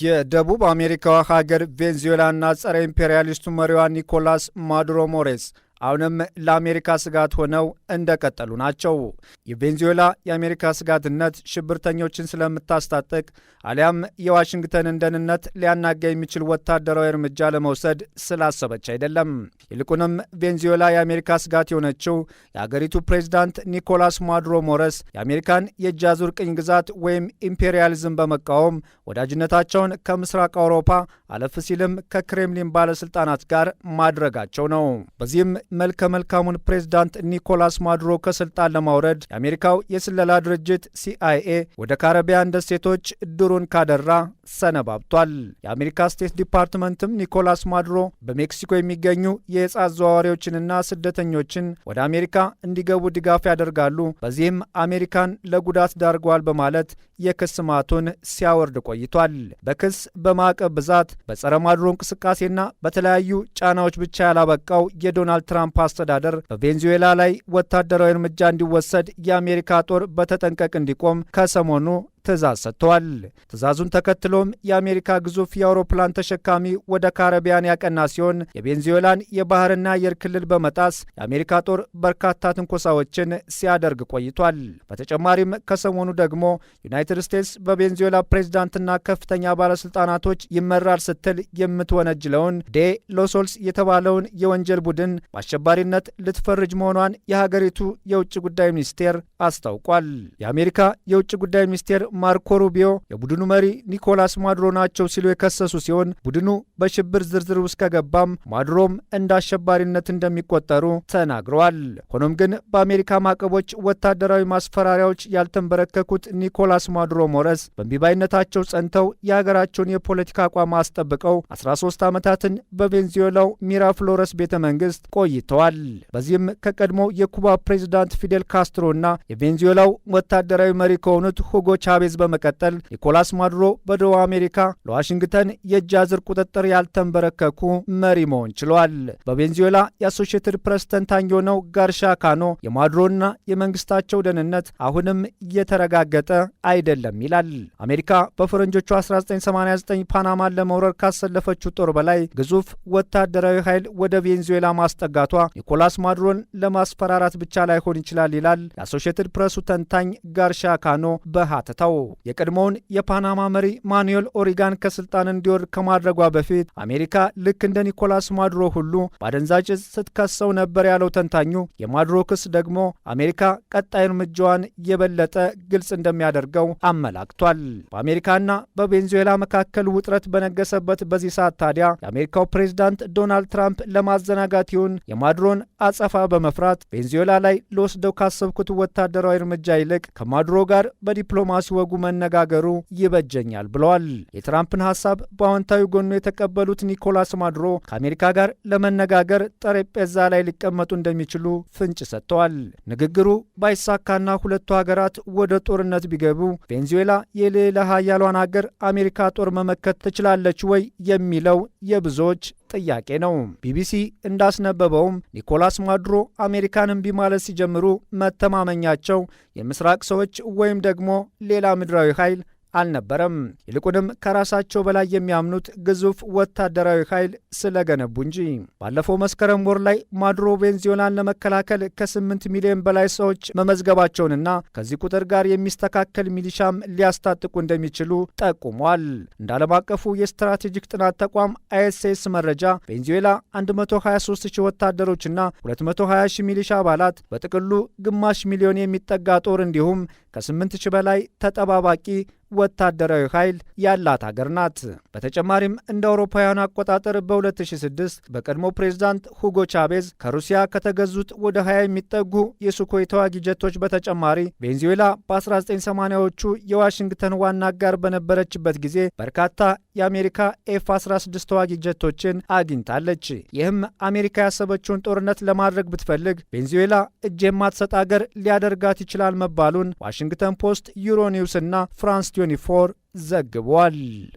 የደቡብ አሜሪካዋ ሀገር ቬንዙዌላና ጸረ ኢምፔሪያሊስቱ መሪዋ ኒኮላስ ማዱሮ ሞሬስ አሁንም ለአሜሪካ ስጋት ሆነው እንደቀጠሉ ናቸው። የቬንዙዌላ የአሜሪካ ስጋትነት ሽብርተኞችን ስለምታስታጥቅ አሊያም የዋሽንግተንን ደህንነት ሊያናጋ የሚችል ወታደራዊ እርምጃ ለመውሰድ ስላሰበች አይደለም። ይልቁንም ቬንዙዌላ የአሜሪካ ስጋት የሆነችው የአገሪቱ ፕሬዚዳንት ኒኮላስ ማዱሮ ሞረስ የአሜሪካን የእጅ አዙር ቅኝ ግዛት ወይም ኢምፔሪያሊዝም በመቃወም ወዳጅነታቸውን ከምስራቅ አውሮፓ አለፍ ሲልም ከክሬምሊን ባለስልጣናት ጋር ማድረጋቸው ነው። በዚህም መልከ መልካሙን ፕሬዝዳንት ኒኮላስ ማዱሮ ከስልጣን ለማውረድ የአሜሪካው የስለላ ድርጅት ሲአይኤ ወደ ካረቢያን ደሴቶች ድሩን ካደራ ሰነባብቷል። የአሜሪካ ስቴት ዲፓርትመንትም ኒኮላስ ማዱሮ በሜክሲኮ የሚገኙ የዕፅ አዘዋዋሪዎችንና ስደተኞችን ወደ አሜሪካ እንዲገቡ ድጋፍ ያደርጋሉ፣ በዚህም አሜሪካን ለጉዳት ዳርገዋል በማለት የክስ ማቱን ሲያወርድ ቆይቷል። በክስ በማዕቀብ ብዛት፣ በጸረ ማዱሮ እንቅስቃሴና በተለያዩ ጫናዎች ብቻ ያላበቃው የዶናልድ ትራምፕ የትራምፕ አስተዳደር በቬንዙዌላ ላይ ወታደራዊ እርምጃ እንዲወሰድ የአሜሪካ ጦር በተጠንቀቅ እንዲቆም ከሰሞኑ ትዕዛዝ ሰጥተዋል። ትእዛዙን ተከትሎም የአሜሪካ ግዙፍ የአውሮፕላን ተሸካሚ ወደ ካረቢያን ያቀና ሲሆን የቬንዙዌላን የባህርና አየር ክልል በመጣስ የአሜሪካ ጦር በርካታ ትንኮሳዎችን ሲያደርግ ቆይቷል። በተጨማሪም ከሰሞኑ ደግሞ ዩናይትድ ስቴትስ በቬንዙዌላ ፕሬዝዳንትና ከፍተኛ ባለስልጣናቶች ይመራል ስትል የምትወነጅለውን ዴ ሎሶልስ የተባለውን የወንጀል ቡድን በአሸባሪነት ልትፈርጅ መሆኗን የሀገሪቱ የውጭ ጉዳይ ሚኒስቴር አስታውቋል። የአሜሪካ የውጭ ጉዳይ ሚኒስቴር ማርኮ ሩቢዮ የቡድኑ መሪ ኒኮላስ ማዱሮ ናቸው ሲሉ የከሰሱ ሲሆን ቡድኑ በሽብር ዝርዝር ውስጥ ከገባም ማዱሮም እንደ አሸባሪነት እንደሚቆጠሩ ተናግረዋል። ሆኖም ግን በአሜሪካ ማዕቀቦች፣ ወታደራዊ ማስፈራሪያዎች ያልተንበረከኩት ኒኮላስ ማዱሮ ሞረስ በእምቢባይነታቸው ጸንተው የሀገራቸውን የፖለቲካ አቋም አስጠብቀው 13 ዓመታትን በቬንዙዌላው ሚራፍሎረስ ቤተ መንግስት ቆይተዋል። በዚህም ከቀድሞ የኩባ ፕሬዚዳንት ፊዴል እና የቬንዙዌላው ወታደራዊ መሪ ከሆኑት ሁጎ ቻ ዳቤዝ በመቀጠል ኒኮላስ ማዱሮ በደቡብ አሜሪካ ለዋሽንግተን የእጅ አዝር ቁጥጥር ያልተንበረከኩ መሪ መሆን ችሏል። በቬንዙዌላ የአሶሽትድ ፕሬስ ተንታኝ የሆነው ጋርሻ ካኖ የማዱሮና የመንግስታቸው ደህንነት አሁንም እየተረጋገጠ አይደለም ይላል። አሜሪካ በፈረንጆቹ 1989 ፓናማን ለመውረር ካሰለፈችው ጦር በላይ ግዙፍ ወታደራዊ ኃይል ወደ ቬንዙዌላ ማስጠጋቷ ኒኮላስ ማዱሮን ለማስፈራራት ብቻ ላይሆን ይችላል ይላል የአሶሽትድ ፕሬሱ ተንታኝ ጋርሻ ካኖ በሀተታው የወጣው። የቀድሞውን የፓናማ መሪ ማኑኤል ኦሪጋን ከስልጣን እንዲወርድ ከማድረጓ በፊት አሜሪካ ልክ እንደ ኒኮላስ ማዱሮ ሁሉ በአደንዛዥ እጽ ስትከሰው ነበር ያለው ተንታኙ፣ የማዱሮ ክስ ደግሞ አሜሪካ ቀጣይ እርምጃዋን የበለጠ ግልጽ እንደሚያደርገው አመላክቷል። በአሜሪካና በቬንዙዌላ መካከል ውጥረት በነገሰበት በዚህ ሰዓት ታዲያ የአሜሪካው ፕሬዚዳንት ዶናልድ ትራምፕ ለማዘናጋት ይሁን የማዱሮን አጸፋ በመፍራት ቬንዙዌላ ላይ ለወስደው ካሰብኩት ወታደራዊ እርምጃ ይልቅ ከማዱሮ ጋር በዲፕሎማሲ በወጉ መነጋገሩ ይበጀኛል ብለዋል። የትራምፕን ሀሳብ በአዎንታዊ ጎኑ የተቀበሉት ኒኮላስ ማዱሮ ከአሜሪካ ጋር ለመነጋገር ጠረጴዛ ላይ ሊቀመጡ እንደሚችሉ ፍንጭ ሰጥተዋል። ንግግሩ ባይሳካና ሁለቱ ሀገራት ወደ ጦርነት ቢገቡ ቬንዙዌላ የሌላ ሀያሏን ሀገር አሜሪካ ጦር መመከት ትችላለች ወይ የሚለው የብዙዎች ጥያቄ ነው። ቢቢሲ እንዳስነበበውም ኒኮላስ ማዱሮ አሜሪካን እምቢ ማለት ሲጀምሩ መተማመኛቸው የምስራቅ ሰዎች ወይም ደግሞ ሌላ ምድራዊ ኃይል አልነበረም። ይልቁንም ከራሳቸው በላይ የሚያምኑት ግዙፍ ወታደራዊ ኃይል ስለገነቡ እንጂ። ባለፈው መስከረም ወር ላይ ማድሮ ቬንዙዌላን ለመከላከል ከ8 ሚሊዮን በላይ ሰዎች መመዝገባቸውንና ከዚህ ቁጥር ጋር የሚስተካከል ሚሊሻም ሊያስታጥቁ እንደሚችሉ ጠቁሟል። እንደ ዓለም አቀፉ የስትራቴጂክ ጥናት ተቋም አይኤስኤስ መረጃ ቬንዚዌላ 123 ሺህ ወታደሮችና 220 ሺህ ሚሊሻ አባላት፣ በጥቅሉ ግማሽ ሚሊዮን የሚጠጋ ጦር እንዲሁም ከ8 ሺህ በላይ ተጠባባቂ ወታደራዊ ኃይል ያላት ሀገር ናት። በተጨማሪም እንደ አውሮፓውያኑ አቆጣጠር በ2006 በቀድሞ ፕሬዝዳንት ሁጎ ቻቤዝ ከሩሲያ ከተገዙት ወደ 20 የሚጠጉ የሱኮይ ተዋጊ ጀቶች በተጨማሪ ቬንዙዌላ በ1980ዎቹ የዋሽንግተን ዋና አጋር በነበረችበት ጊዜ በርካታ የአሜሪካ ኤፍ 16 ተዋጊ ጀቶችን አግኝታለች። ይህም አሜሪካ ያሰበችውን ጦርነት ለማድረግ ብትፈልግ ቬንዙዌላ እጅ የማትሰጥ አገር ሊያደርጋት ይችላል መባሉን ዋሽንግተን ፖስት፣ ዩሮኒውስ እና ፍራንስ ዘግቧል።